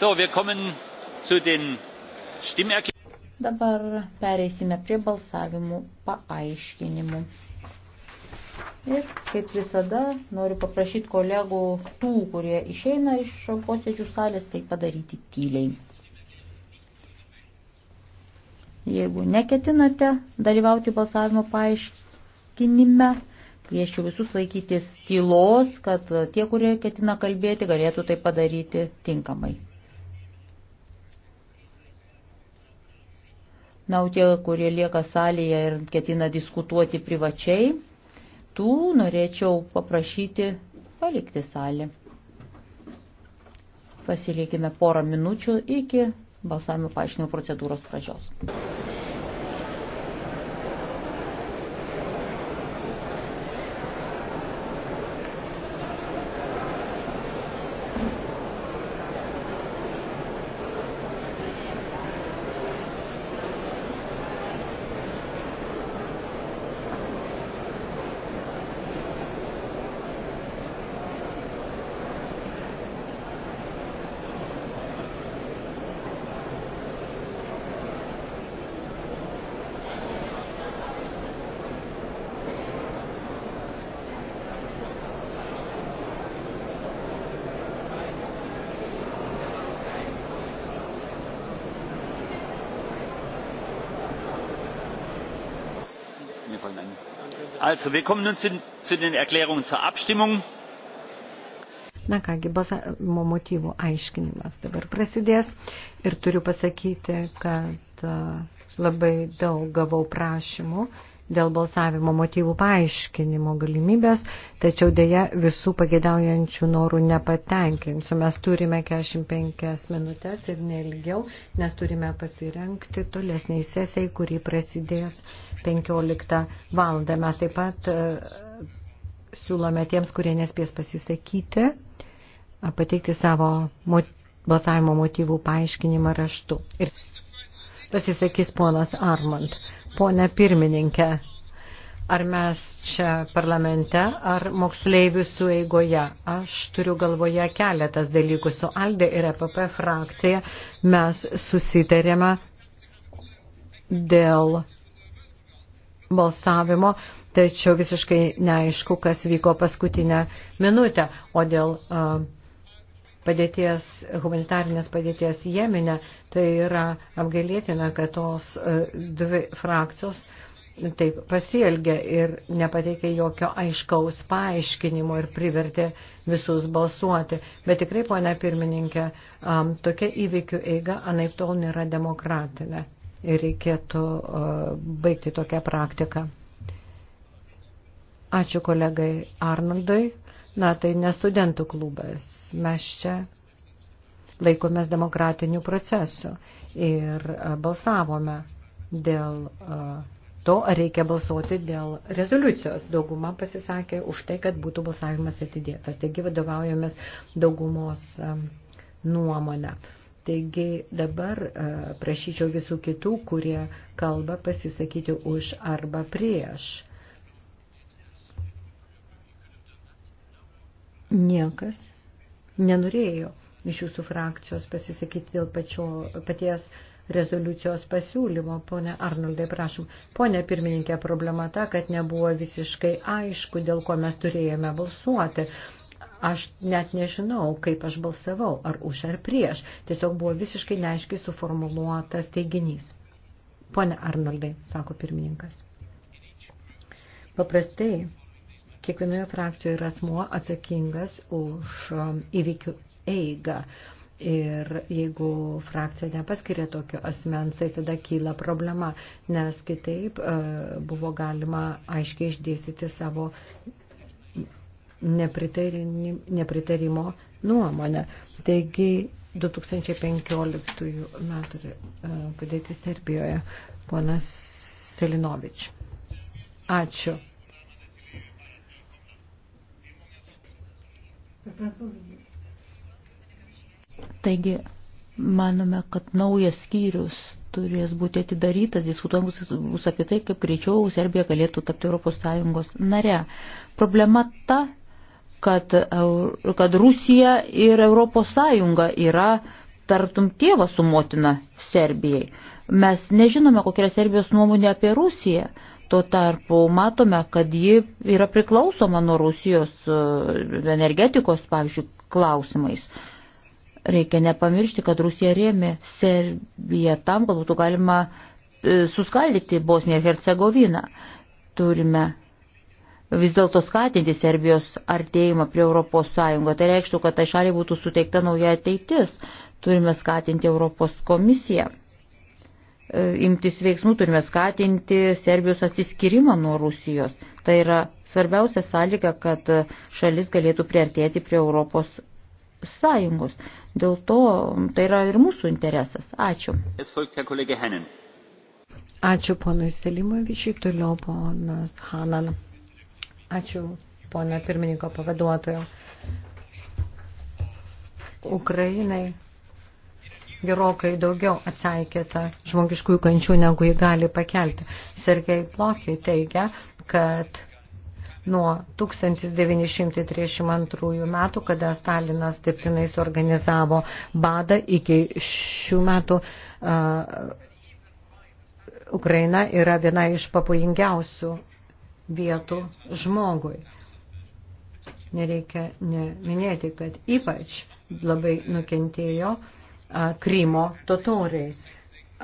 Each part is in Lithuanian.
So, wir kommen zu den Stimmerklärungen. Dabar pereisime prie balsavimų paaiškinimų. Ir kaip visada noriu paprašyti kolegų tų, kurie išeina iš posėdžių salės, tai padaryti tyliai. Jeigu neketinate dalyvauti balsavimo paaiškinime, kviečiu visus laikytis tylos, kad tie, kurie ketina kalbėti, galėtų tai padaryti tinkamai. Na, o tie, kurie lieka salėje ir ketina diskutuoti privačiai, tų norėčiau paprašyti palikti salę. Pasiliekime porą minučių iki balsavimo paaiškinimo procedūros pradžios. Also, wir kommen nun zu, zu den Erklärungen zur Abstimmung. Na kągi, balsavimo motyvų aiškinimas dabar prasidės ir turiu pasakyti, kad labai daug gavau prašymų dėl balsavimo motyvų paaiškinimo galimybės, tačiau dėja visų pagėdaujančių norų nepatenkinsiu. Mes turime 45 minutės ir nelgiau, nes turime pasirenkti tolesniai sesijai, kuri prasidės 15 valandą. Mes taip pat e, siūlome tiems, kurie nespės pasisakyti, pateikti savo motyvų balsavimo motyvų paaiškinimą raštu. Ir pasisakys ponas Armand ponė pirmininkė. Ar mes čia parlamente, ar moksleivių sueigoje? Aš turiu galvoje keletas dalykų. Su Alde ir EPP frakcija mes susitarėme dėl balsavimo, tačiau visiškai neaišku, kas vyko paskutinę minutę. O dėl uh, padėties, humanitarnės padėties Jemene, tai yra apgailėtina, kad tos e, dvi frakcijos taip pasielgė ir nepateikė jokio aiškaus paaiškinimo ir privertė visus balsuoti. Bet tikrai, ponia pirmininkė, tokia įvykių eiga anaip tol nėra demokratinė ir reikėtų e, baigti tokią praktiką. Ačiū kolegai Arnoldui. Na, tai nestudentų klubas. Mes čia laikomės demokratinių procesų ir balsavome dėl to, ar reikia balsuoti dėl rezoliucijos. Dauguma pasisakė už tai, kad būtų balsavimas atidėtas. Taigi vadovaujomės daugumos nuomonę. Taigi dabar prašyčiau visų kitų, kurie kalba pasisakyti už arba prieš niekas nenorėjo iš jūsų frakcijos pasisakyti dėl pačio, paties rezoliucijos pasiūlymo. Pone Arnoldai, prašom. Pone pirmininkė, problema ta, kad nebuvo visiškai aišku, dėl ko mes turėjome balsuoti. Aš net nežinau, kaip aš balsavau, ar už ar prieš. Tiesiog buvo visiškai neaiškiai suformuluotas teiginys. Pone Arnoldai, sako pirmininkas. Paprastai Kiekvienoje frakcijoje yra asmuo atsakingas už um, įvykių eigą. Ir jeigu frakcija nepaskiria tokio asmens, tai tada kyla problema, nes kitaip e, buvo galima aiškiai išdėstyti savo nepritarimo nuomonę. Taigi 2015 metų e, padėti Serbijoje, ponas Selinovič. Ačiū. ir prancūzų. Taigi, manome, kad naujas skyrius turės būti atidarytas, diskutuojant bus apie tai, kaip greičiau Serbija galėtų tapti ES nare. Problema ta, kad, kad Rusija ir ES yra tartum tėvas su motina Serbijai. Mes nežinome, kokia yra Serbijos nuomonė apie Rusiją. Tuo tarpu matome, kad ji yra priklausoma nuo Rusijos e, energetikos, pavyzdžiui, klausimais. Reikia nepamiršti, kad Rusija rėmė Serbiją tam, kad būtų galima e, suskaldyti Bosniją ir Hercegoviną. Turime vis dėlto skatinti Serbijos artėjimą prie Europos Sąjungo. Tai reikštų, kad tai šaliai būtų suteikta nauja ateitis. Turime skatinti Europos komisiją E, imtis veiksmų, turime skatinti Serbijos atsiskyrimą nuo Rusijos. Tai yra svarbiausia sąlyga, kad šalis galėtų priartėti prie Europos sąjungos. Dėl to tai yra ir mūsų interesas. Ačiū. Ačiū ponui Selimovičiui, toliau ponas Hanan. Ačiū ponė pirmininko pavaduotojo. Ukrainai gerokai daugiau atsaikėta žmogiškųjų kančių, negu jį gali pakelti. Sergei Plochi teigia, kad nuo 1932 metų, kada Stalinas stiprinai suorganizavo badą, iki šių metų uh, Ukraina yra viena iš papojingiausių vietų žmogui. Nereikia ne, minėti, kad ypač labai nukentėjo uh, Krymo totoriai.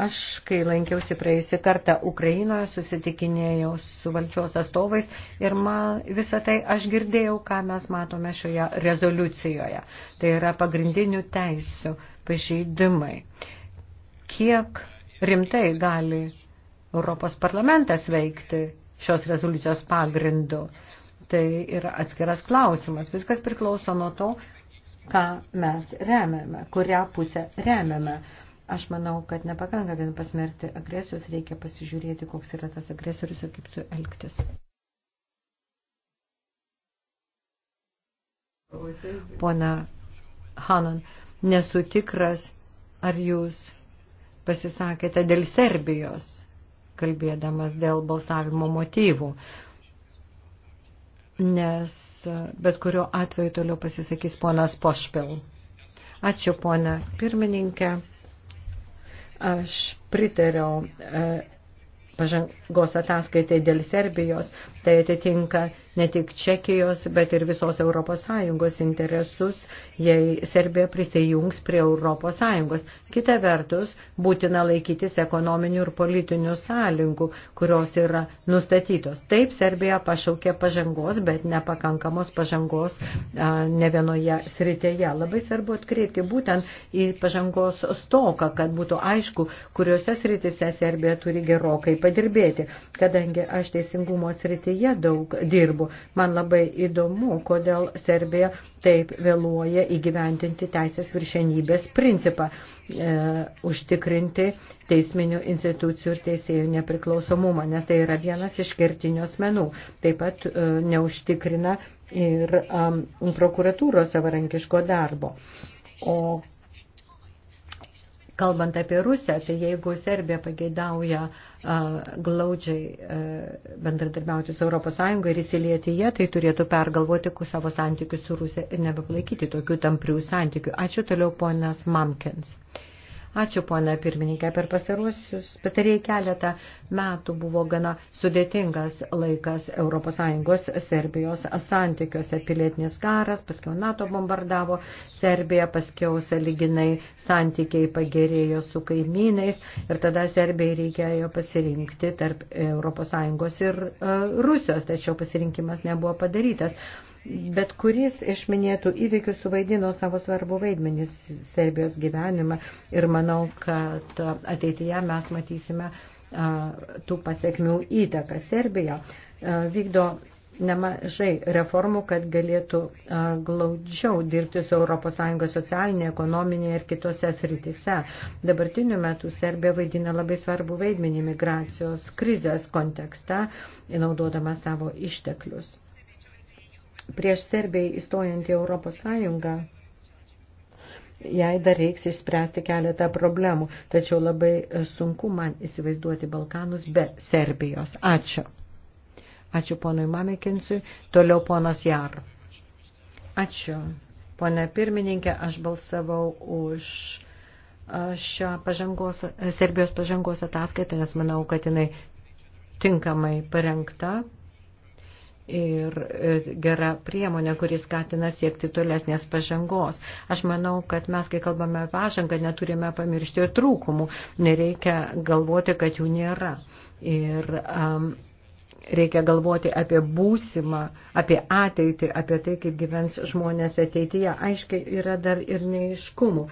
Aš, kai lankiausi praėjusią kartą Ukrainoje, susitikinėjau su valdžios atstovais ir man, visą tai aš girdėjau, ką mes matome šioje rezoliucijoje. Tai yra pagrindinių teisų pažeidimai. Kiek rimtai gali Europos parlamentas veikti šios rezoliucijos pagrindu? Tai yra atskiras klausimas. Viskas priklauso nuo to, ką mes remiame, kurią pusę remiame. Aš manau, kad nepakanka vien pasmerkti agresijos, reikia pasižiūrėti, koks yra tas agresorius ir kaip su elgtis. Pona Hanan, nesu tikras, ar jūs pasisakėte dėl Serbijos, kalbėdamas dėl balsavimo motyvų nes bet kuriuo atveju toliau pasisakys ponas Pošpil. Ačiū, ponė pirmininkė. Aš pritariau e, pažangos ataskaitai dėl Serbijos, tai atitinka ne tik Čekijos, bet ir visos ES interesus, jei Serbija prisijungs prie ES. Kita vertus, būtina laikytis ekonominių ir politinių sąlygų, kurios yra nustatytos. Taip, Serbija pašaukė pažangos, bet nepakankamos pažangos a, ne vienoje srityje. Labai svarbu atkreipti būtent į pažangos stoką, kad būtų aišku, kuriuose srityse Serbija turi gerokai padirbėti, kadangi aš teisingumo srityje daug dirbu darbu. Man labai įdomu, kodėl Serbija taip vėluoja įgyventinti teisės viršenybės principą, e, užtikrinti teisminių institucijų ir teisėjų nepriklausomumą, nes tai yra vienas iš kertinių asmenų. Taip pat e, neužtikrina ir e, prokuratūros savarankiško darbo. O kalbant apie Rusiją, tai jeigu Serbija pageidauja e, glaudžiai e, bendradarbiauti su ES ir įsilieti jie, tai turėtų pergalvoti savo santykius su Rusija ir nebepalaikyti tokių tamprių santykių. Ačiū toliau ponas Mamkins. Ačiū, pona pirmininkė, per pastarėjai keletą metų buvo gana sudėtingas laikas ES Serbijos santykiuose. Pilietinis karas, paskiau NATO bombardavo Serbiją, paskiau saliginai santykiai pagerėjo su kaimynais ir tada Serbijai reikėjo pasirinkti tarp ES ir e, Rusijos, tačiau pasirinkimas nebuvo padarytas. Bet kuris iš minėtų įvykių suvaidino savo svarbu vaidmenį Serbijos gyvenimą ir manau, kad ateityje mes matysime tų pasiekmių įtaką. Serbija vykdo nemažai reformų, kad galėtų glaudžiau dirbti su ES socialinėje, ekonominėje ir kitose srityse. Dabartiniu metu Serbija vaidina labai svarbu vaidmenį migracijos krizės kontekste, naudodama savo išteklius prieš Serbijai įstojant į Europos Sąjungą, jai dar reiks išspręsti keletą problemų, tačiau labai sunku man įsivaizduoti Balkanus be Serbijos. Ačiū. Ačiū ponui Mamekinsui, toliau ponas Jar. Ačiū. Pone pirmininkė, aš balsavau už šią pažangos, Serbijos pažangos ataskaitą, nes manau, kad jinai tinkamai parengta ir e, gera priemonė, kuris skatina siekti tolesnės pažangos. Aš manau, kad mes, kai kalbame pažangą, neturime pamiršti ir trūkumų. Nereikia galvoti, kad jų nėra. Ir um, reikia galvoti apie būsimą, apie ateitį, apie tai, kaip gyvens žmonės ateityje. Aiškiai, yra dar ir neiškumų,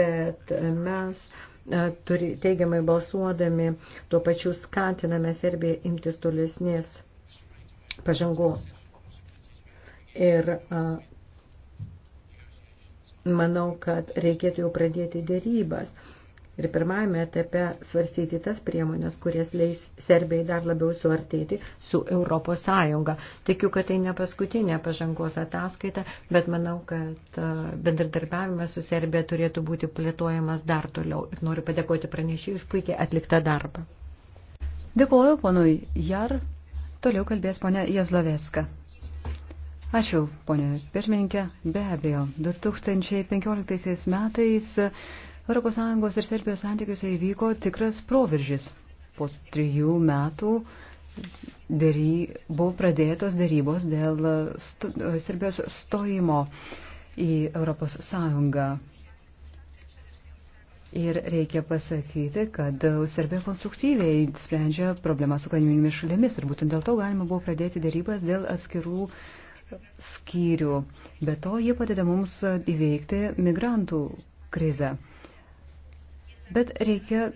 bet mes e, turi, teigiamai balsuodami tuo pačiu skatiname Serbiją imtis tolesnės pažangos. Ir a, manau, kad reikėtų jau pradėti dėrybas ir pirmajame etape svarstyti tas priemonės, kurias leis Serbijai dar labiau suartėti su Europos Sąjunga. Tikiu, kad tai ne paskutinė pažangos ataskaita, bet manau, kad bendradarbiavimas su Serbija turėtų būti plėtojamas dar toliau. Ir noriu padėkoti pranešėjui už puikiai atliktą darbą. Dėkuoju, ponui Jar. Toliau kalbės ponė Jazloveska. Ačiū, ponė pirmininkė. Be abejo, 2015 metais ES ir Serbijos santykiuose įvyko tikras proveržis. Po trijų metų dėry, buvo pradėtos dėrybos dėl stu, Serbijos stojimo į ES. Ir reikia pasakyti, kad Serbija konstruktyviai sprendžia problemą su kaiminimis šalimis ir būtent dėl to galima buvo pradėti dėrybas dėl atskirų skyrių. Be to, jie padeda mums įveikti migrantų krizę. Bet reikia,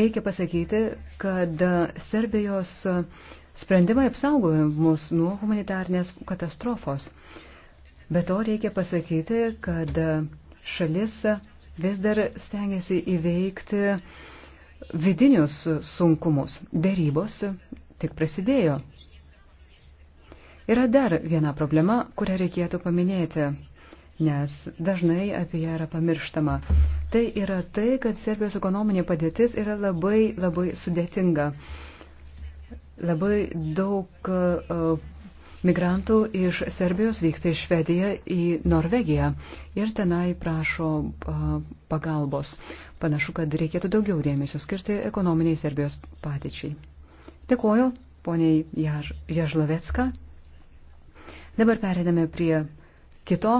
reikia pasakyti, kad Serbijos sprendimai apsaugojo mus nuo humanitarnės katastrofos. Be to, reikia pasakyti, kad šalis vis dar stengiasi įveikti vidinius sunkumus. Darybos tik prasidėjo. Yra dar viena problema, kurią reikėtų paminėti, nes dažnai apie ją yra pamirštama. Tai yra tai, kad Serbijos ekonominė padėtis yra labai, labai sudėtinga. Labai daug e, migrantų iš Serbijos vyksta į Švediją, į Norvegiją ir tenai prašo pagalbos. Panašu, kad reikėtų daugiau dėmesio skirti ekonominiai Serbijos patyčiai. Dėkoju, poniai Jež, Ježlovecka. Dabar perėdame prie kito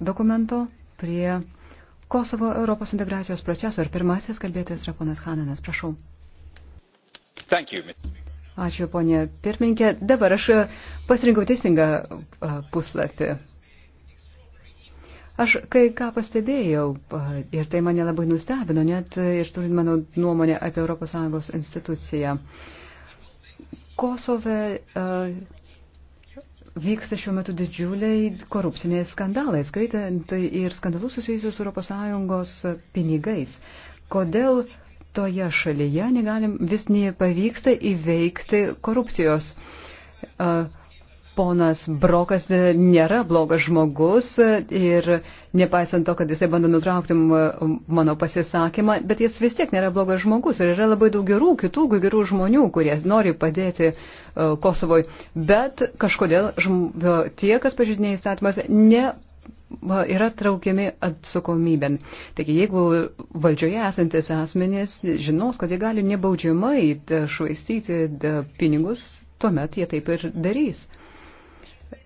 dokumento, prie Kosovo Europos integracijos proceso ir pirmasis kalbėtojas yra ponas Hananas. Prašau. Thank you, Mr. Ačiū, ponė pirmininkė. Dabar aš e, pasirinkau teisingą e, puslapį. Aš kai ką pastebėjau e, ir tai mane labai nustebino, net ir turint mano nuomonę apie ES instituciją. Kosove vyksta šiuo metu didžiuliai korupciniai skandalai, skaitant ir skandalus susijusius su ES pinigais. Kodėl uh, toje šalyje negalim, vis nepavyksta įveikti korupcijos. Ponas Brokas nėra blogas žmogus ir nepaisant to, kad jisai bando nutraukti mano pasisakymą, bet jis vis tiek nėra blogas žmogus ir yra labai daug gerų, kitų gerų žmonių, kurie nori padėti Kosovoj. Bet kažkodėl tie, kas pažydinėja įstatymas, ne yra traukiami atsakomybėn. Taigi, jeigu valdžioje esantis asmenys žinos, kad jie gali nebaudžiamai švaistyti pinigus, tuomet jie taip ir darys.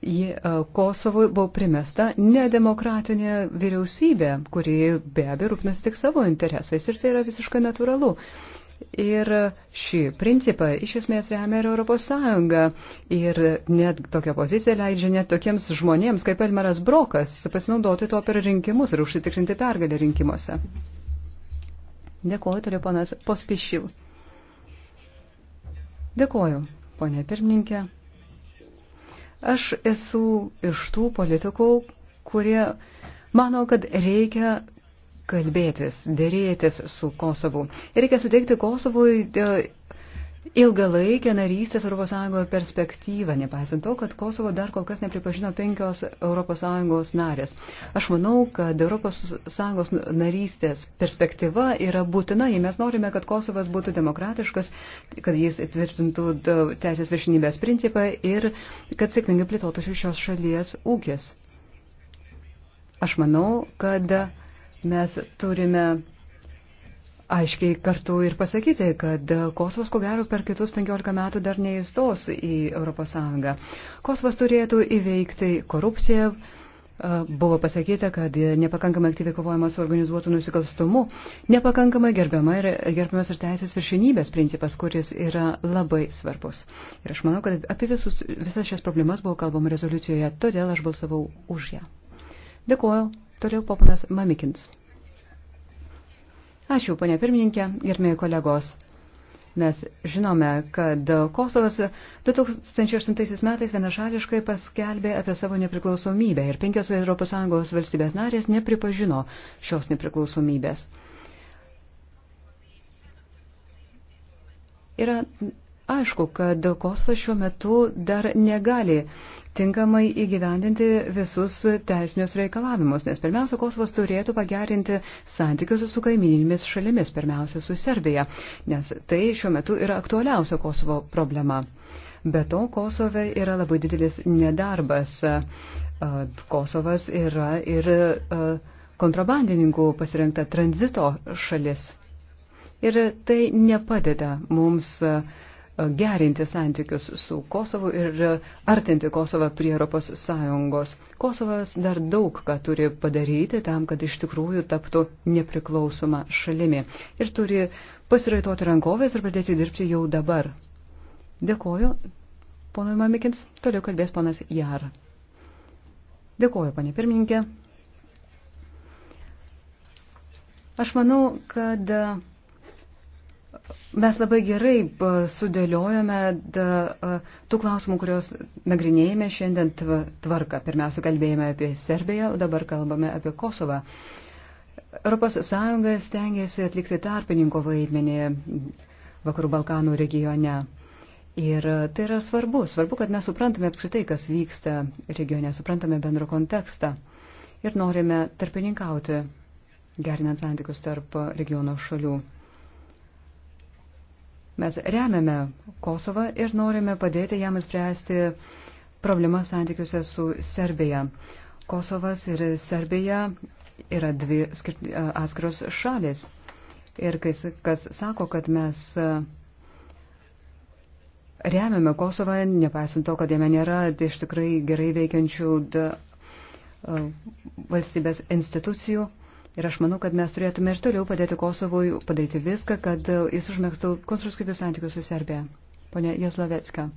Jie, Kosovui buvo primesta nedemokratinė vyriausybė, kuri be abejo rūpinasi tik savo interesais ir tai yra visiškai natūralu. Ir šį principą iš esmės remia ir Europos Sąjunga. Ir net tokia pozicija leidžia net tokiems žmonėms kaip Elmeras Brokas pasinaudoti to per rinkimus ir užsitikrinti pergalę rinkimuose. Dėkuoju, toliau ponas Pospišil. Dėkuoju, ponė pirmininkė. Aš esu iš tų politikų, kurie mano, kad reikia kalbėtis, dėrėtis su Kosovu. Reikia suteikti Kosovui e, ilgalaikę narystės ES perspektyvą, nepaisant to, kad Kosovo dar kol kas nepripažino penkios ES narės. Aš manau, kad ES narystės perspektyva yra būtina, jei mes norime, kad Kosovas būtų demokratiškas, kad jis tvirtintų e, teisės viršinybės principą ir kad sėkmingai plėtotųsi šios šalies ūkis. Aš manau, kad mes turime aiškiai kartu ir pasakyti, kad Kosovas ko gero per kitus 15 metų dar neįstos į ES. Kosovas turėtų įveikti korupciją. Buvo pasakyta, kad nepakankamai aktyviai kovojama su organizuotu nusikalstumu, nepakankamai gerbiama ir gerbiamas ir teisės viršinybės principas, kuris yra labai svarbus. Ir aš manau, kad apie visus, visas šias problemas buvo kalbama rezoliucijoje, todėl aš balsavau už ją. Dėkuoju. Toliau popanas Mamikins. Ačiū, ponė pirmininkė, gerbėjai kolegos. Mes žinome, kad Kosovas 2008 metais vienašališkai paskelbė apie savo nepriklausomybę ir penkios ES valstybės narės nepripažino šios nepriklausomybės. Yra Aišku, kad Kosovas šiuo metu dar negali tinkamai įgyvendinti visus teisinius reikalavimus, nes pirmiausia, Kosovas turėtų pagerinti santykius su kaimininėmis šalimis, pirmiausia, su Serbija, nes tai šiuo metu yra aktualiausia Kosovo problema. Be to, Kosove yra labai didelis nedarbas. Kosovas yra ir kontrabandininkų pasirinkta tranzito šalis. Ir tai nepadeda mums uh, gerinti santykius su Kosovu ir e, artinti Kosovą prie Europos Sąjungos. Kosovas dar daug ką turi padaryti tam, kad iš tikrųjų taptų nepriklausoma šalimi ir turi pasiraitoti rankovės ir pradėti dirbti jau dabar. Dėkoju, ponui Mamikins, toliau kalbės ponas Jar. Dėkoju, ponė pirmininkė. Aš manau, kad Mes labai gerai sudėliojame tų klausimų, kuriuos nagrinėjame šiandien tvarką. Pirmiausia, kalbėjome apie Serbiją, o dabar kalbame apie Kosovą. ES stengiasi atlikti tarpininko vaidmenį Vakarų Balkanų regione. Ir tai yra svarbu. Svarbu, kad mes suprantame apskritai, kas vyksta regione, suprantame bendrą kontekstą ir norime tarpininkauti, gerinant santykius tarp regiono šalių. Mes remiame Kosovą ir norime padėti jam spręsti problemas santykiuose su Serbija. Kosovas ir Serbija yra dvi atskiros šalis. Ir kas, kas sako, kad mes remiame Kosovą, nepaisant to, kad jame nėra iš tikrai gerai veikiančių da, valstybės institucijų, Ir aš manau, kad mes turėtume ir toliau padėti Kosovui padaryti viską, kad jis užmėgstų konstruktyvius santykius su Serbija. Pone Jaslovecka.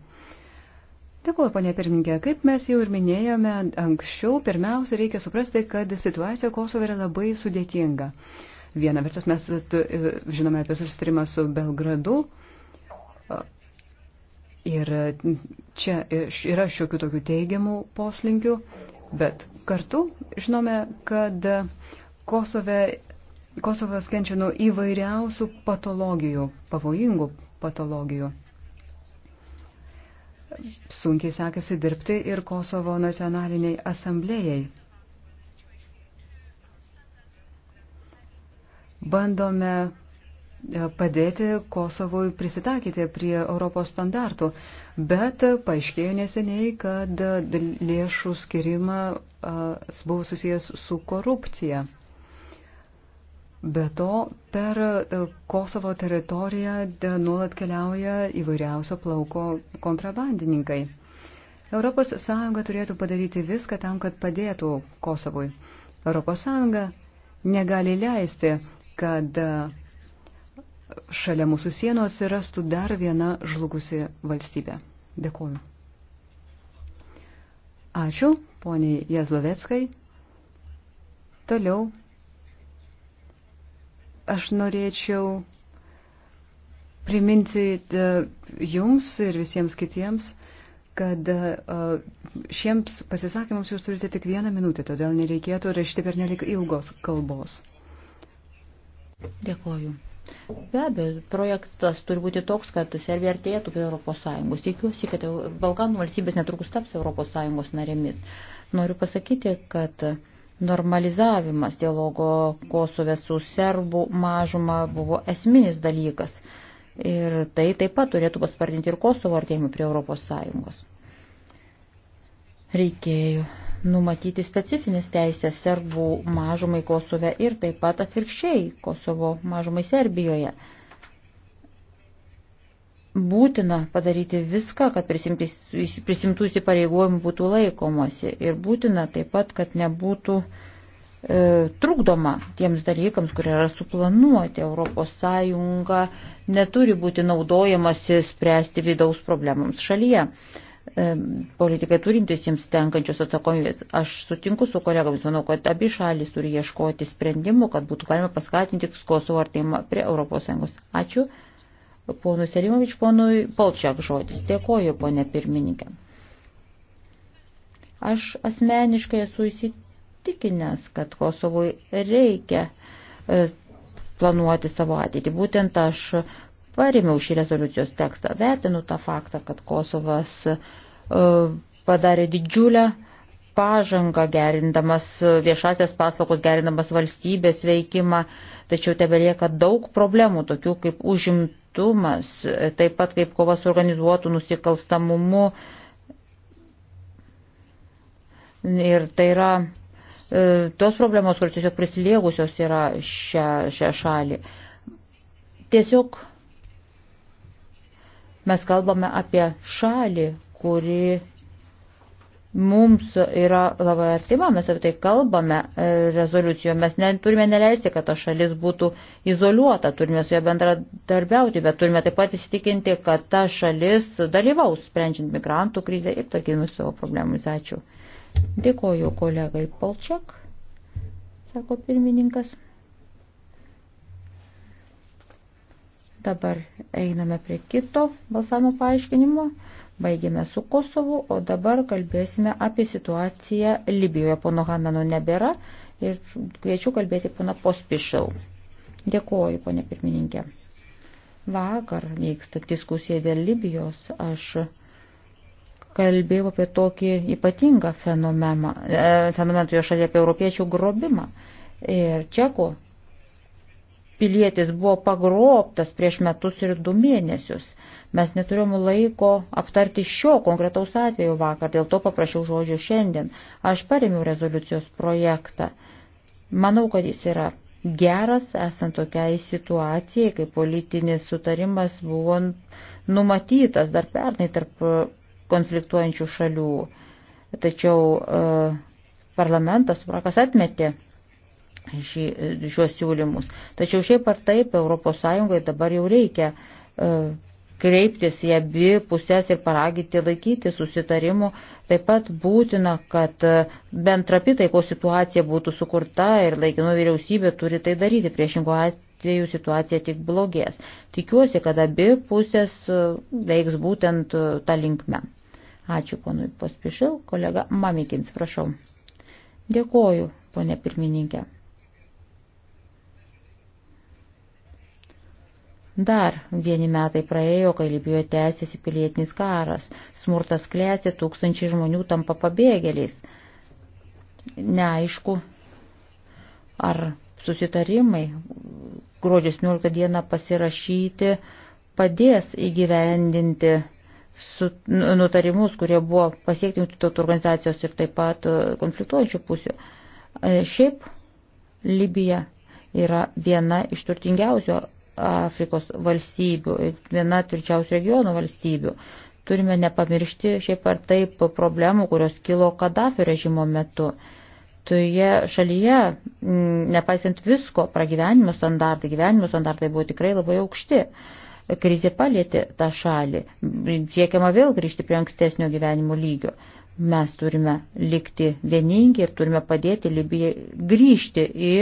Dėkuoju, ponė pirmininkė. Kaip mes jau ir minėjome anksčiau, pirmiausia, reikia suprasti, kad situacija Kosovė yra labai sudėtinga. Viena vertus mes e, žinome apie susitarimą su Belgradu. Ir čia e, yra šiokių tokių teigiamų poslinkių, bet kartu žinome, kad Kosove, Kosovas kenčia nuo įvairiausių patologijų, pavojingų patologijų. Sunkiai sekasi dirbti ir Kosovo nacionaliniai asamblėjai. Bandome e, padėti Kosovui prisitakyti prie Europos standartų, bet paaiškėjo neseniai, kad lėšų skirimą e, buvo susijęs su korupcija. Be to, per e, Kosovo teritoriją e, nuolat keliauja įvairiausio plauko kontrabandininkai. ES turėtų padaryti viską tam, kad padėtų Kosovui. ES negali leisti, kad e, šalia mūsų sienos rastų dar viena žlugusi valstybė. Dėkuoju. Ačiū, poniai Jazloveckai. Toliau Aš norėčiau priminti e, jums ir visiems kitiems, kad e, šiems pasisakymams jūs turite tik vieną minutę, todėl nereikėtų rašyti per nelik ilgos kalbos. Dėkoju. Be abejo, projektas turi būti toks, kad Serbija artėtų prie Europos Sąjungos. Tikiuosi, kad Balkanų valstybės netrukus taps Europos Sąjungos narėmis. Noriu pasakyti, kad uh, normalizavimas dialogo Kosove su serbų mažuma buvo esminis dalykas. Ir tai taip pat turėtų paspartinti ir Kosovo artėjimą prie Europos Sąjungos. Reikėjo numatyti specifinės teisės serbų mažumai Kosove ir taip pat atvirkščiai Kosovo mažumai Serbijoje būtina padaryti viską, kad prisimtų įsipareigojimų būtų laikomasi ir būtina taip pat, kad nebūtų e, trukdoma tiems dalykams, kurie yra suplanuoti. Europos Sąjunga neturi būti naudojamasi spręsti vidaus problemams šalyje. E, politikai turintis jiems tenkančios atsakomybės. Aš sutinku su kolegams, manau, kad abi šalis turi ieškoti sprendimų, kad būtų galima paskatinti Kosovo artėjimą prie ES. Ačiū. Ponui Selimovič, ponui Polčiak žodis. Dėkoju, ponė pirmininkė. Aš asmeniškai esu įsitikinęs, kad Kosovui reikia e, planuoti savo ateitį. Būtent aš parėmiau šį rezoliucijos tekstą, vertinu tą faktą, kad Kosovas e, padarė didžiulę pažangą gerindamas viešasias paslaugas, gerindamas valstybės veikimą, tačiau tebelieka daug problemų, tokių kaip užimt privatumas, taip pat kaip kova su organizuotu nusikalstamumu. Ir tai yra e, tos problemos, kur tiesiog prisiliegusios yra šią, šią šalį. Tiesiog mes kalbame apie šalį, kuri mums yra labai artima, mes apie tai kalbame e, rezoliucijoje, mes ne, turime neleisti, kad ta šalis būtų izoliuota, turime su ja bendradarbiauti, bet turime taip pat įsitikinti, kad ta šalis dalyvaus sprendžiant migrantų krizę ir tarkime savo problemus. Ačiū. Dėkoju kolegai Polčiak, sako pirmininkas. Dabar einame prie kito balsavimo paaiškinimo. Baigėme su Kosovu, o dabar kalbėsime apie situaciją Libijoje. Pono Hanano nebėra ir kviečiu kalbėti pono Pospišil. Dėkuoju, ponė pirmininkė. Vakar vyksta diskusija dėl Libijos. Aš kalbėjau apie tokį ypatingą fenomeną, e, fenomeną toje šalyje apie europiečių grobimą. Ir čekų pilietis buvo pagrobtas prieš metus ir du mėnesius. Mes neturim laiko aptarti šio konkretaus atveju vakar, dėl to paprašiau žodžių šiandien. Aš paremiu rezoliucijos projektą. Manau, kad jis yra geras, esant tokiai situacijai, kai politinis sutarimas buvo numatytas dar pernai tarp e, konfliktuojančių šalių. Tačiau e, parlamentas, suprakas, atmetė šį, šiuos siūlymus. Tačiau šiaip ar taip ES dabar jau reikia e, kreiptis į abi pusės ir paraginti laikyti susitarimų. Taip pat būtina, kad e, bent trapi taiko situacija būtų sukurta ir laikino vyriausybė turi tai daryti. Priešingo atveju situacija tik blogės. Tikiuosi, kad abi pusės e, veiks būtent e, tą linkmę. Ačiū ponui Pospišil, kolega Mamikins, prašau. Dėkoju, ponė pirmininkė. Dar vieni metai praėjo, kai Libijoje tęsiasi pilietinis karas, smurtas klesti, tūkstančiai žmonių tampa pabėgėliais. Neaišku, ar susitarimai gruodžio 17 dieną pasirašyti padės įgyvendinti su, nutarimus, kurie buvo pasiekti tautų organizacijos ir taip pat e, konfliktuojančių pusių. E, šiaip Libija yra viena iš turtingiausių Afrikos valstybių, viena tvirčiausių regionų valstybių. Turime nepamiršti šiaip ar taip problemų, kurios kilo Kadafio režimo metu. Toje šalyje, nepaisant visko, pragyvenimo standartai, gyvenimo standartai buvo tikrai labai aukšti. Krizė palėtė tą šalį. Siekiama vėl grįžti prie ankstesnio gyvenimo lygio mes turime likti vieningi ir turime padėti Libijai grįžti į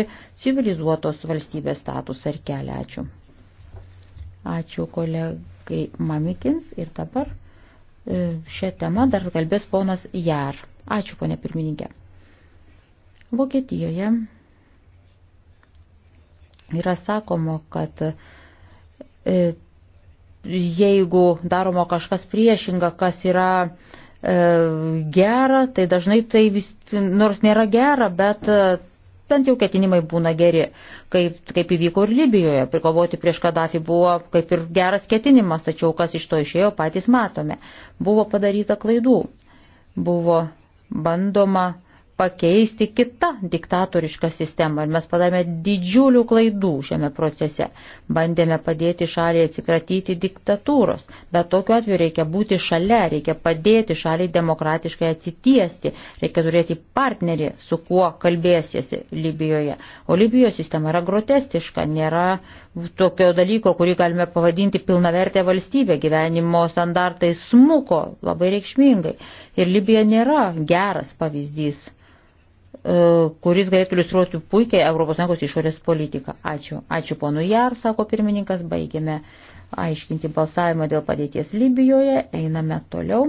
civilizuotos valstybės statusą ir kelią. Ačiū. Ačiū kolegai Mamikins ir dabar e, šią temą dar kalbės ponas Jar. Ačiū, ponė pirmininkė. Vokietijoje yra sakoma, kad e, jeigu daroma kažkas priešinga, kas yra e, gera, tai dažnai tai vis, nors nėra gera, bet bent jau ketinimai būna geri, kaip, kaip įvyko ir Libijoje. Prikovoti prieš Kadafį buvo kaip ir geras ketinimas, tačiau kas iš to išėjo, patys matome. Buvo padaryta klaidų, buvo bandoma pakeisti kitą diktatorišką sistemą. Ir mes padarėme didžiulių klaidų šiame procese. Bandėme padėti šaliai atsikratyti diktatūros. Bet tokiu atveju reikia būti šalia, reikia padėti šaliai demokratiškai atsitiesti, reikia turėti partnerį, su kuo kalbėsiesi Libijoje. O Libijos sistema yra grotestiška, nėra tokio dalyko, kurį galime pavadinti pilnavertė valstybė. Gyvenimo standartai smuko labai reikšmingai. Ir Libija nėra geras pavyzdys E, kuris galėtų iliustruoti puikiai ES išorės politiką. Ačiū. Ačiū ponu Jar, sako pirmininkas, baigėme aiškinti balsavimą dėl padėties Libijoje, einame toliau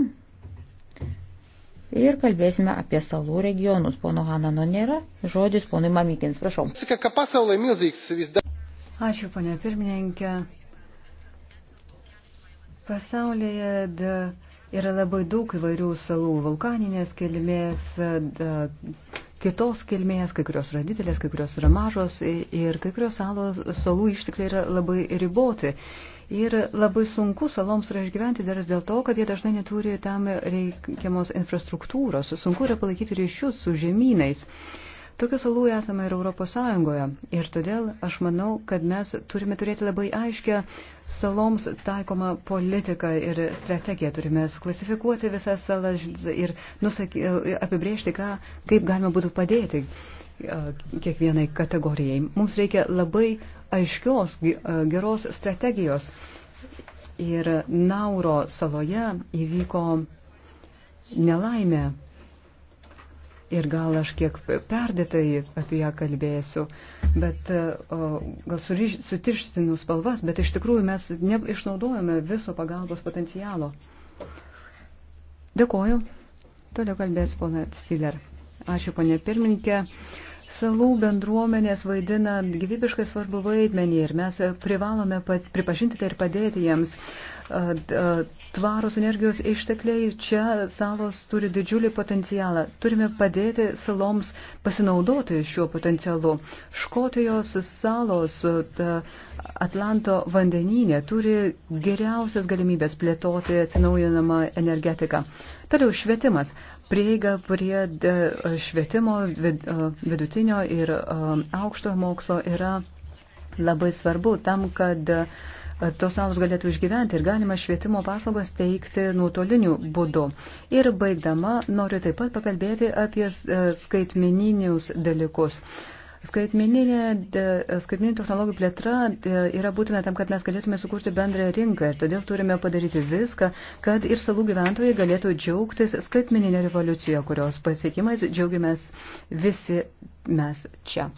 ir kalbėsime apie salų regionus. Pono Hanano nėra, žodis ponui Mamikins, prašau. Ačiū, ponė pirmininkė. Pasaulyje da, yra labai daug įvairių salų, vulkaninės kilmės, da, kitos kilmės, kai kurios yra didelės, kai kurios yra mažos ir kai kurios salos, salų ištikliai yra labai riboti. Ir labai sunku saloms yra išgyventi dar dėl to, kad jie dažnai neturi tam reikiamos infrastruktūros, sunku yra palaikyti ryšius su žemynais. Tokių salų esame ir Europos Sąjungoje. Ir todėl aš manau, kad mes turime turėti labai aiškę saloms taikomą politiką ir strategiją. Turime suklasifikuoti visas salas ir nusaky, apibriežti, ką, kaip galima būtų padėti kiekvienai kategorijai. Mums reikia labai aiškios, geros strategijos. Ir Nauro saloje įvyko nelaimė ir gal aš kiek perdėtai apie ją kalbėsiu, bet o, gal sutirštinu spalvas, bet iš tikrųjų mes neišnaudojame viso pagalbos potencialo. Dėkoju. Toliau kalbės pona Stiller. Ačiū, ponė pirmininkė. Salų bendruomenės vaidina gyvybiškai svarbu vaidmenį ir mes privalome pripažinti tai ir padėti jiems. Uh, tvaros energijos ištekliai, čia salos turi didžiulį potencialą. Turime padėti saloms pasinaudoti šiuo potencialu. Škotijos salos Atlanto vandenynė turi geriausias galimybės plėtoti atsinaujinamą energetiką. Toliau švietimas. Prieiga prie švietimo vidutinio ir aukštojo mokslo yra labai svarbu tam, kad uh, tos salos galėtų išgyventi ir galima švietimo paslaugas teikti nuotoliniu būdu. Ir baigdama noriu taip pat pakalbėti apie e, skaitmeninius dalykus. Skaitmeninė, skaitmeninė technologijų plėtra yra būtina tam, kad mes galėtume sukurti bendrąją rinką ir todėl turime padaryti viską, kad ir salų gyventojai galėtų džiaugtis skaitmeninė revoliucija, kurios pasiekimais džiaugiamės visi mes čia.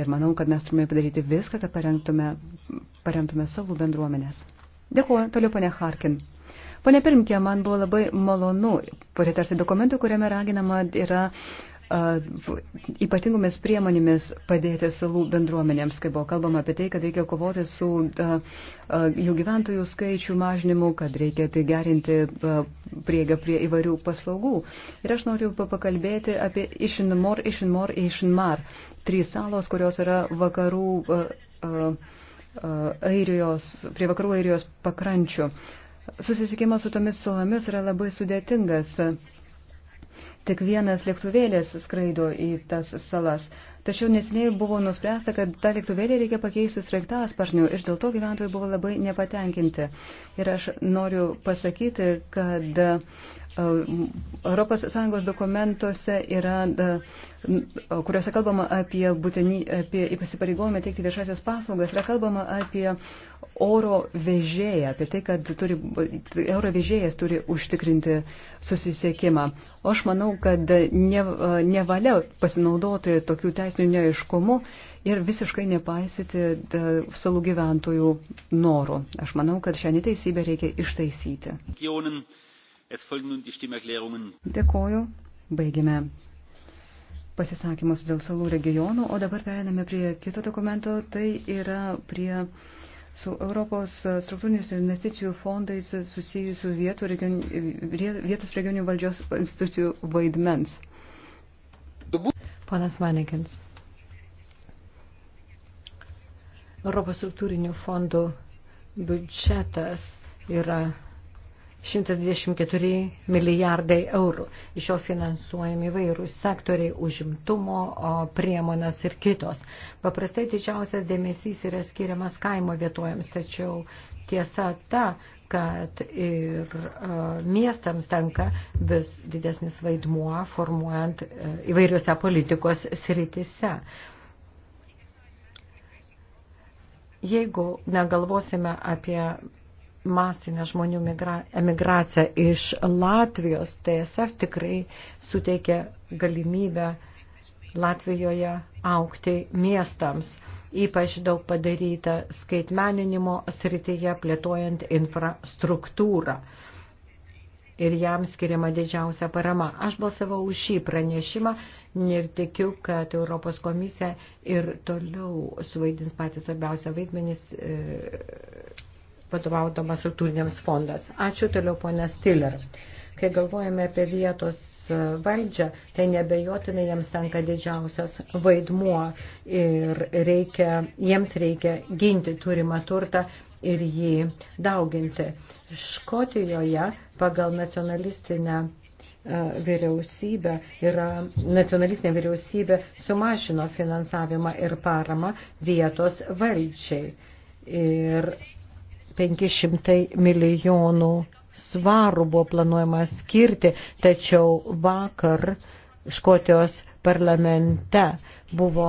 Ir manau, kad mes turime padaryti viską, kad paremtume, paremtume savo bendruomenės. Dėkuoju, toliau ponė Harkin. Pone Pirmkė, man buvo labai malonu pritarti dokumentui, kuriame raginama yra uh, ypatingomis priemonėmis padėti salų bendruomenėms, kai buvo kalbama apie tai, kad reikia kovoti su jų gyventojų skaičių mažinimu, kad reikia tai gerinti prieigą prie įvairių paslaugų. Ir aš noriu pakalbėti apie Išinmor, Išinmor, Išinmar, trys salos, kurios yra vakarų airijos, prie vakarų airijos pakrančių. Susisiekimas su tomis salomis yra labai sudėtingas. Tik vienas lėktuvėlis skraido į tas salas. Tačiau nesiniai buvo nuspręsta, kad tą lėktuvėlį reikia pakeisti sraigtasparniu ir dėl to gyventojai buvo labai nepatenkinti. Ir aš noriu pasakyti, kad ES dokumentuose yra, e, kuriuose kalbama apie, būtinį, apie įsipareigojimą teikti viešasias paslaugas, yra kalbama apie oro vežėją, apie tai, kad turi, oro vežėjas turi užtikrinti susisiekimą. O aš manau, kad ne, e, nevalia pasinaudoti tokių teisų didesniu neaiškumu ir visiškai nepaisyti salų gyventojų norų. Aš manau, kad šią neteisybę reikia ištaisyti. Dėkoju. Baigime pasisakymus dėl salų regionų, o dabar periname prie kito dokumento. Tai yra prie su Europos struktūrinis investicijų fondais susijusių vietų region, vietos regionių valdžios institucijų vaidmens. Panas Vanekins. Europos struktūrinių fondų biudžetas yra 124 milijardai eurų. Iš jo finansuojami vairūs sektoriai užimtumo priemonas ir kitos. Paprastai didžiausias dėmesys yra skiriamas kaimo vietojams, tačiau tiesa ta, kad ir miestams tenka vis didesnis vaidmuo formuojant e, įvairiuose politikos sritise. Jeigu negalvosime apie masinę žmonių migra, emigraciją iš Latvijos, TSF tikrai suteikė galimybę Latvijoje aukti miestams. Ypač daug padaryta skaitmeninimo srityje plėtojant infrastruktūrą ir jam skiriama didžiausia parama. Aš balsavau už šį pranešimą ir tikiu, kad Europos komisija ir toliau suvaidins patys svarbiausia vaidmenis e, vadovaudamas struktūriniams fondas. Ačiū toliau, ponė Stiller. Kai galvojame apie vietos e, valdžią, tai nebejotinai jiems tenka didžiausias vaidmuo ir reikia, jiems reikia ginti turimą turtą ir jį dauginti. Škotijoje pagal nacionalistinę e, vyriausybė yra nacionalistinė vyriausybė sumažino finansavimą ir paramą vietos valdžiai. Ir 500 milijonų svarų buvo planuojama skirti, tačiau vakar Škotijos parlamente buvo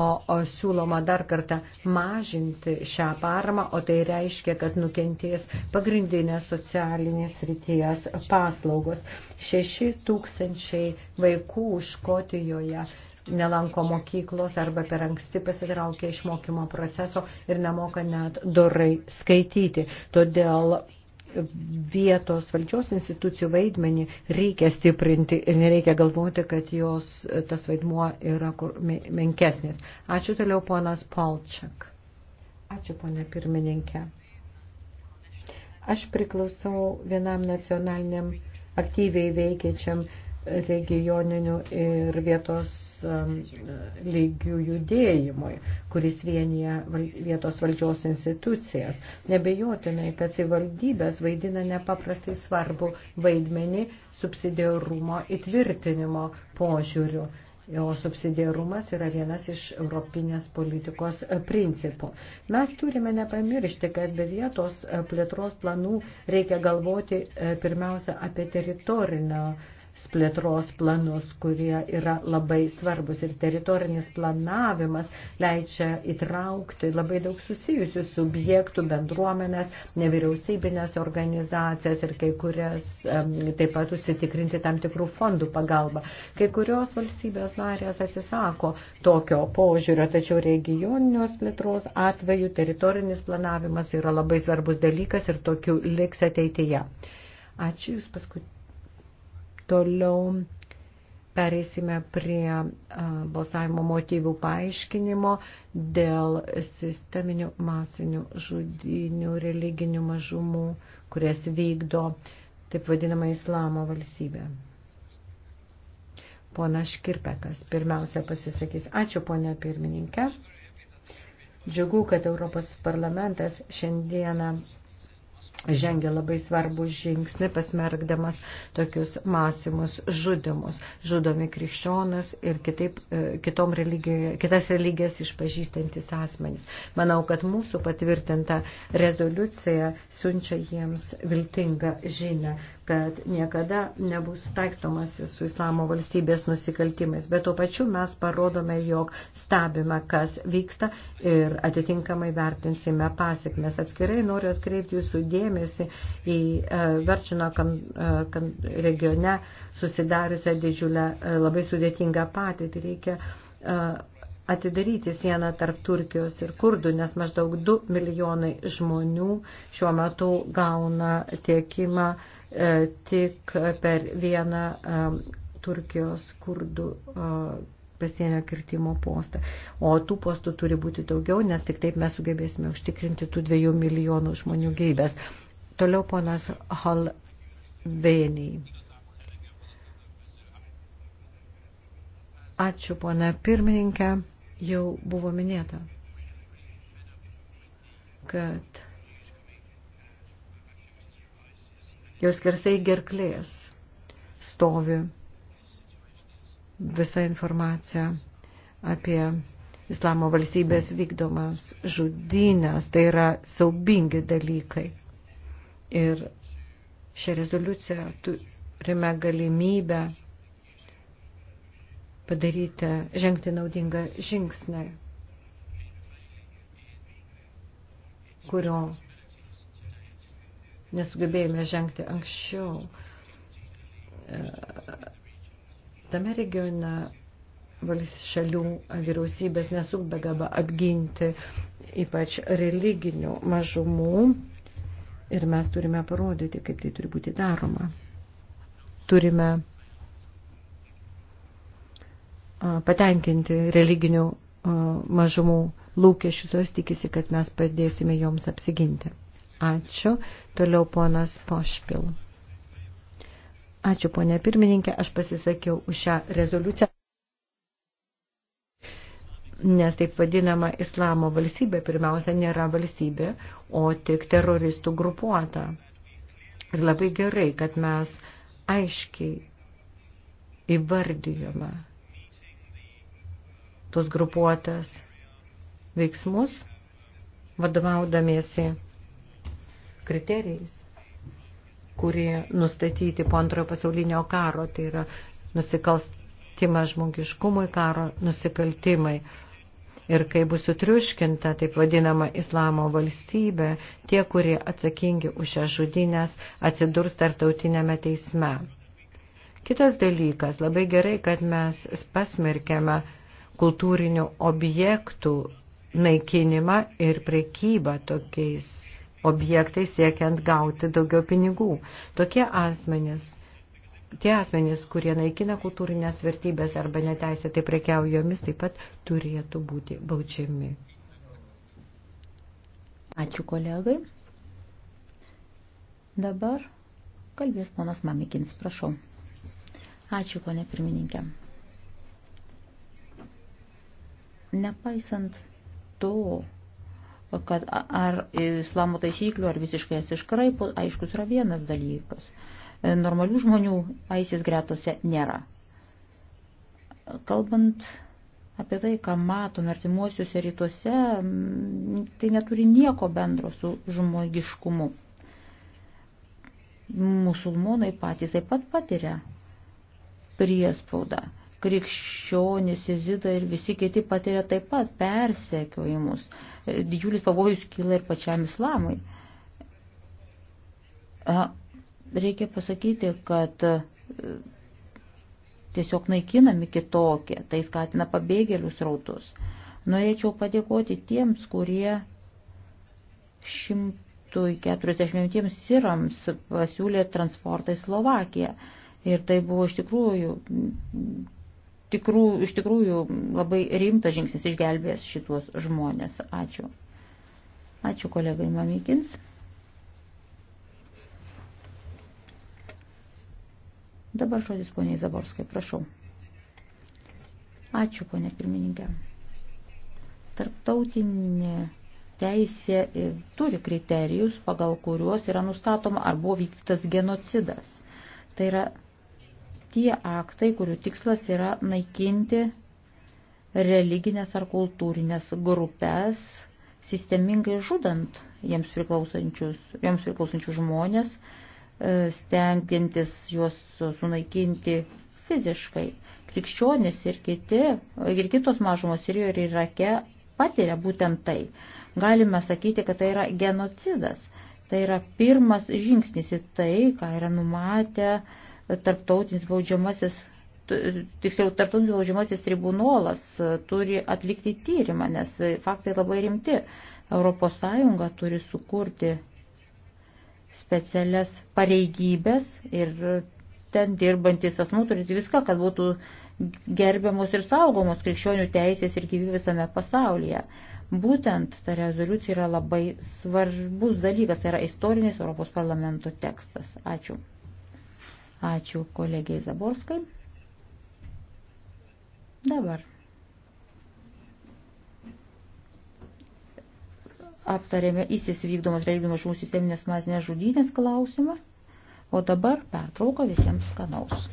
siūloma dar kartą mažinti šią paramą, o tai reiškia, kad nukentės pagrindinės socialinės ryties paslaugos. 6 tūkstančiai vaikų Škotijoje nelanko mokyklos arba per anksti pasitraukia iš mokymo proceso ir nemoka net dorai skaityti. Todėl vietos valdžios institucijų vaidmenį reikia stiprinti ir nereikia galvoti, kad jos tas vaidmuo yra kur, menkesnis. Ačiū toliau ponas Polčak. Ačiū ponė pirmininkė. Aš priklausau vienam nacionaliniam aktyviai veikiačiam regioninių ir vietos um, lygių judėjimui, kuris vienyje vietos valdžios institucijas. Nebejotinai, kad savivaldybės vaidina nepaprastai svarbu vaidmenį subsidiarumo įtvirtinimo požiūrių. O subsidiarumas yra vienas iš europinės politikos e, principų. Mes turime nepamiršti, kad be vietos e, plėtros planų reikia galvoti e, pirmiausia apie teritorinio plėtros planus, kurie yra labai svarbus. Ir teritorinis planavimas leidžia įtraukti labai daug susijusių subjektų, bendruomenės, nevyriausybinės organizacijas ir kai kurias taip pat užsitikrinti tam tikrų fondų pagalbą. Kai kurios valstybės narės atsisako tokio požiūrio, tačiau regioninios plėtros atveju teritorinis planavimas yra labai svarbus dalykas ir tokiu liks ateityje. Ačiū Jūs paskui. Toliau Pereisime prie balsavimo motyvų paaiškinimo dėl sisteminių masinių žudinių religinių mažumų, kurias vykdo taip vadinama islamo valstybė. Pona Škirpekas pirmiausia pasisakys. Ačiū, ponia pirmininkė. Džiugu, kad Europos parlamentas šiandieną žengia labai svarbų žingsnį, pasmergdamas tokius masimus žudimus. Žudomi krikščionas ir kitaip, e, kitom religija, kitas religijas išpažįstantis asmenys. Manau, kad mūsų patvirtinta rezoliucija siunčia jiems viltingą žinę, kad niekada nebus taikstomasi su islamo valstybės nusikaltimais. Bet tuo pačiu mes parodome, jog stebime, kas vyksta ir atitinkamai vertinsime pasiekmes. Atskirai noriu atkreipti jūsų dėmesį dėmesį į e, Verčino kan, e, kan, regione susidariusią didžiulę e, labai sudėtingą patirtį. Reikia atidaryti sieną tarp Turkijos ir Kurdų, nes maždaug 2 milijonai žmonių šiuo metu gauna tiekimą tik per vieną Turkijos kurdų pasienio kirtimo postą. O tų postų turi būti daugiau, nes tik taip mes sugebėsime užtikrinti tų dviejų milijonų žmonių gyvybės. Toliau ponas Halveniai. Ačiū, pona pirmininkė, jau buvo minėta, kad jau skersai gerklės stovi visą informaciją apie islamo valstybės vykdomas žudynės. Tai yra saubingi dalykai. Ir šią rezoliuciją turime galimybę padaryti, žengti naudingą žingsnį, kurio nesugebėjome žengti anksčiau Tame regione šalių vyriausybės nesugebėga apginti ypač religinių mažumų ir mes turime parodyti, kaip tai turi būti daroma. Turime patenkinti religinių mažumų lūkesčius, jos tikisi, kad mes padėsime joms apsiginti. Ačiū. Toliau ponas Pošpil. Ačiū, ponė pirmininkė, aš pasisakiau už šią rezoliuciją, nes taip vadinama islamo valstybė pirmiausia nėra valstybė, o tik teroristų grupuota. Ir labai gerai, kad mes aiškiai įvardijome tos grupuotės veiksmus, vadovaudamiesi kriterijais kurie nustatyti po antrojo pasaulinio karo, tai yra nusikaltimas žmogiškumui, karo nusikaltimai. Ir kai bus sutriuškinta, taip vadinama, islamo valstybė, tie, kurie atsakingi už šią žudinės, atsidurs tartautinėme teisme. Kitas dalykas, labai gerai, kad mes pasmerkėme kultūrinių objektų naikinimą ir prekybą tokiais objektai siekiant gauti daugiau pinigų. Tokie asmenys, tie asmenys, kurie naikina kultūrinės vertybės arba neteisėtai prekiauja jomis, taip pat turėtų būti baudžiami. Ačiū kolegai. Dabar kalbės ponas Mamikins, prašau. Ačiū, ponė pirmininkė. Nepaisant to, kad ar islamo taisyklių, ar visiškai jas iškraipo, aiškus yra vienas dalykas. E, normalių žmonių aisės gretose nėra. Kalbant apie tai, ką matome artimuosiuose rytuose, tai neturi nieko bendro su žmogiškumu. Musulmonai patys taip pat patiria priespaudą krikščionys, izida ir visi kiti patiria taip pat persekiojimus. Didžiulis pavojus kyla ir pačiam islamui. Reikia pasakyti, kad e, tiesiog naikinami kitokie, tai skatina pabėgėlius rautus. Norėčiau padėkoti tiems, kurie 140 sirams pasiūlė transportą į Slovakiją. Ir tai buvo iš tikrųjų tikrų, iš tikrųjų labai rimtas žingsnis išgelbės šitos žmonės. Ačiū. Ačiū kolegai Mamikins. Dabar žodis poniai Zaborskai, prašau. Ačiū, ponė pirmininkė. Tarptautinė teisė turi kriterijus, pagal kuriuos yra nustatoma, ar buvo vykdytas genocidas. Tai yra tie aktai, kurių tikslas yra naikinti religinės ar kultūrinės grupės, sistemingai žudant jiems priklausančius, jiems priklausančius žmonės, e, stengiantis juos sunaikinti fiziškai. Krikščionis ir, kiti, ir kitos mažumos Sirijoje ir Irake patiria būtent tai. Galime sakyti, kad tai yra genocidas. Tai yra pirmas žingsnis į tai, ką yra numatę uh, tarptautinis baudžiamasis, tiksliau, tarptautinis baudžiamasis tribunolas e, turi atlikti tyrimą, nes e, faktai labai rimti. Europos Sąjunga turi sukurti specialias pareigybės ir ten dirbantis asmuo turi viską, kad būtų gerbiamos ir saugomos krikščionių teisės ir gyvybė visame pasaulyje. Būtent ta rezoliucija yra labai svarbus dalykas, tai yra istorinis Europos parlamento tekstas. Ačiū. Ačiū kolegiai Zaborskai. Dabar aptarėme įsis vykdomas religijų mažumų sisteminės masinės žudynės klausimą, o dabar pertrauka visiems skanaus.